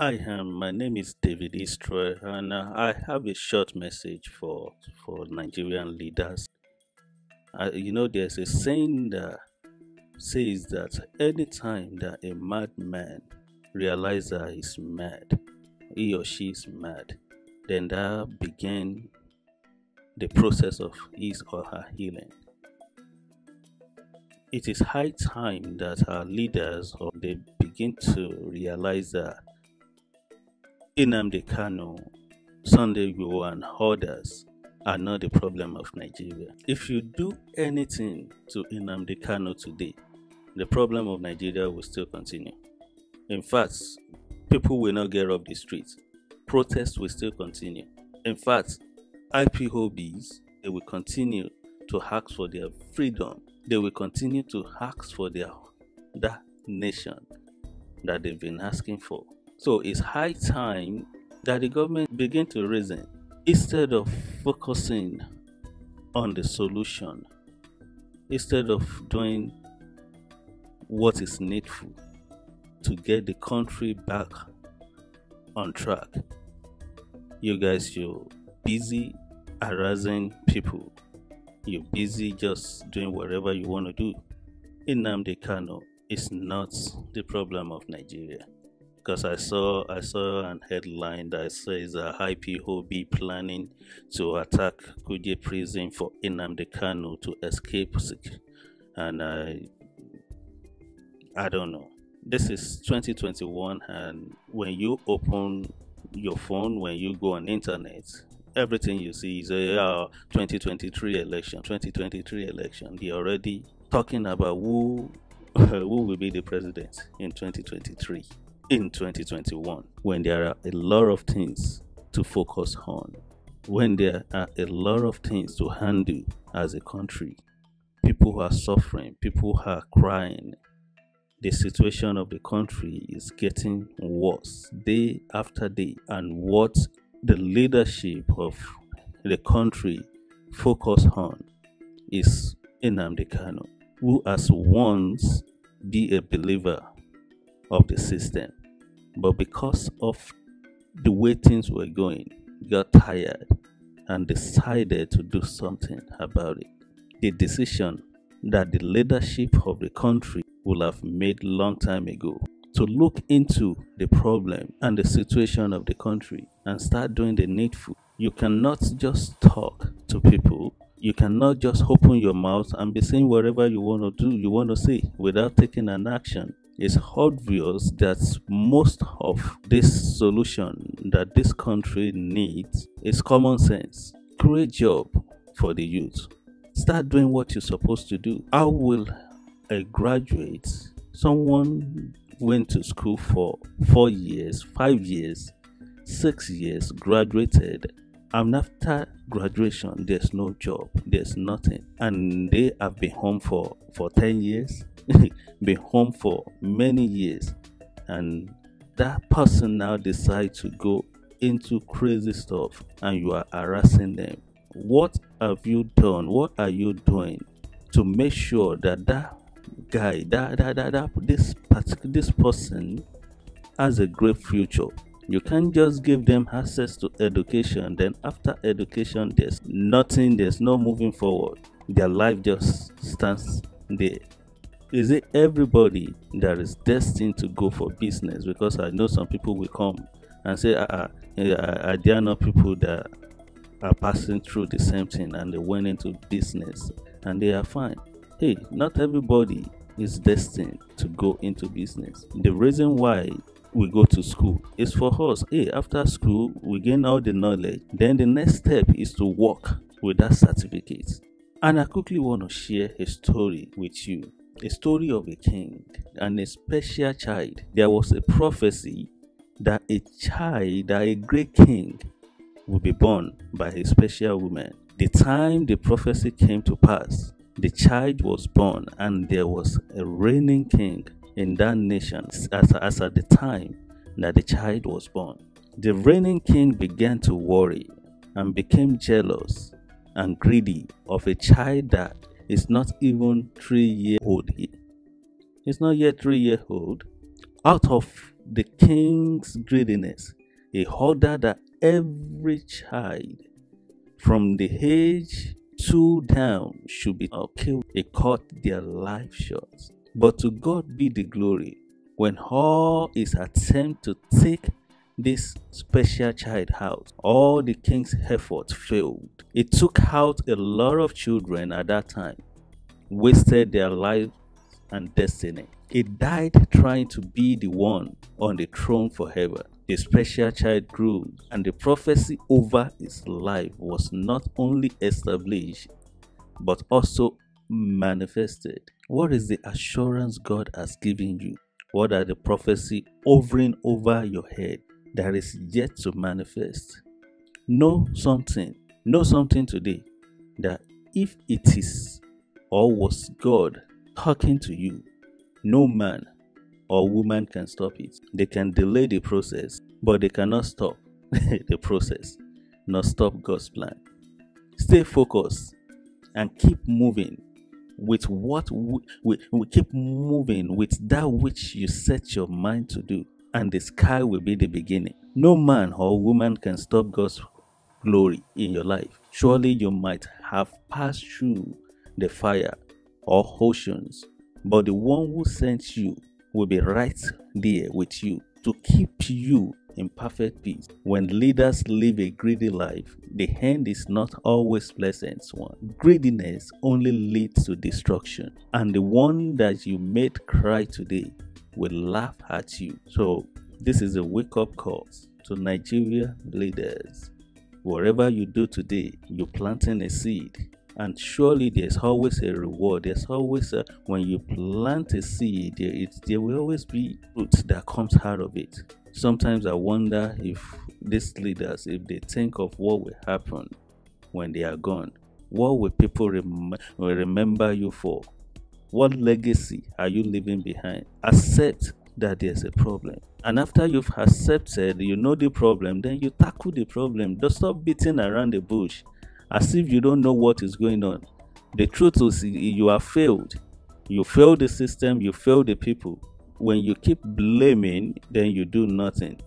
Hi, um, my name is David Istroy, and uh, I have a short message for for Nigerian leaders. Uh, you know, there's a saying that says that anytime that a madman realizes that he's mad, he or she is mad, then that begin the process of his or her healing. It is high time that our leaders or they begin to realize that Inamde Kano, Sunday Igboho, and others are not the problem of Nigeria. If you do anything to Inamde Kano today, the problem of Nigeria will still continue. In fact, people will not get off the streets. Protests will still continue. In fact, IPOBs they will continue to ask for their freedom. They will continue to ask for their that nation that they've been asking for so it's high time that the government begin to reason instead of focusing on the solution, instead of doing what is needful to get the country back on track. You guys, you're busy harassing people. You're busy just doing whatever you want to do. Inamde Kano is not the problem of Nigeria because I saw I saw an headline that says a P O B planning to attack Kuje prison for Inamde Kano to escape, and I I don't know. This is 2021, and when you open your phone, when you go on internet, everything you see is a uh, 2023 election, 2023 election. They're already talking about who who will be the president in 2023 in 2021 when there are a lot of things to focus on, when there are a lot of things to handle as a country. People are suffering, people are crying. The situation of the country is getting worse day after day, and what the leadership of the country focus on is Enamdi Kano, who has once be a believer of the system but because of the way things were going, got tired and decided to do something about it. The decision that the leadership of the country would have made long time ago to look into the problem and the situation of the country and start doing the needful. You cannot just talk to people. You cannot just open your mouth and be saying whatever you want to do, you want to say without taking an action it's obvious that most of this solution that this country needs is common sense. Create job for the youth. Start doing what you're supposed to do. How will a graduate, someone went to school for four years, five years, six years, graduated, and after graduation, there's no job, there's nothing, and they have been home for for ten years, be home for many years and that person now decides to go into crazy stuff and you are harassing them what have you done what are you doing to make sure that that guy that that, that, that this particular this person has a great future you can't just give them access to education then after education there's nothing there's no moving forward their life just stands there is it everybody that is destined to go for business? Because I know some people will come and say, uh, ah, uh, ah, there are not people that are passing through the same thing and they went into business and they are fine. Hey, not everybody is destined to go into business. The reason why we go to school is for us. Hey, after school, we gain all the knowledge. Then the next step is to work with that certificate. And I quickly want to share a story with you a story of a king and a special child. There was a prophecy that a child, that a great king, would be born by a special woman. The time the prophecy came to pass, the child was born, and there was a reigning king in that nation as, as at the time that the child was born. The reigning king began to worry and became jealous and greedy of a child that is not even three year old. He's not yet three year old. Out of the king's greediness, he ordered that every child from the age two down should be killed. He cut their life short. But to God be the glory when all his attempt to take this special child out. All the king's efforts failed. It took out a lot of children at that time, wasted their lives and destiny. It died trying to be the one on the throne forever. The special child grew, and the prophecy over his life was not only established but also manifested. What is the assurance God has given you? What are the prophecy hovering over your head? that is yet to manifest. Know something, know something today that if it is or was God talking to you, no man or woman can stop it. They can delay the process, but they cannot stop the process, nor stop God's plan. Stay focused and keep moving with what we, we, we keep moving with that which you set your mind to do and the sky will be the beginning. No man or woman can stop God's glory in your life. Surely you might have passed through the fire or oceans, but the one who sent you will be right there with you to keep you in perfect peace. When leaders live a greedy life, the end is not always pleasant one. Greediness only leads to destruction. And the one that you made cry today will laugh at you. So, this is a wake up call to Nigeria leaders. Whatever you do today, you're planting a seed. And surely there's always a reward. There's always a, when you plant a seed, there, it, there will always be fruit that comes out of it. Sometimes I wonder if these leaders, if they think of what will happen when they are gone, what will people rem- remember you for? What legacy are you leaving behind? Accept that there's a problem. And after you've accepted, you know the problem, then you tackle the problem. Don't stop beating around the bush as if you don't know what is going on. The truth is, you are failed. You failed the system, you failed the people. When you keep blaming, then you do nothing.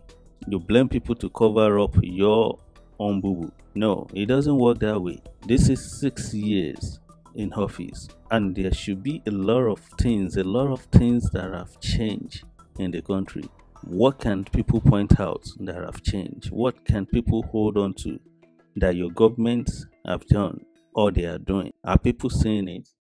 You blame people to cover up your own boo boo. No, it doesn't work that way. This is six years in office and there should be a lot of things a lot of things that have changed in the country what can people point out that have changed what can people hold on to that your governments have done or they are doing are people seeing it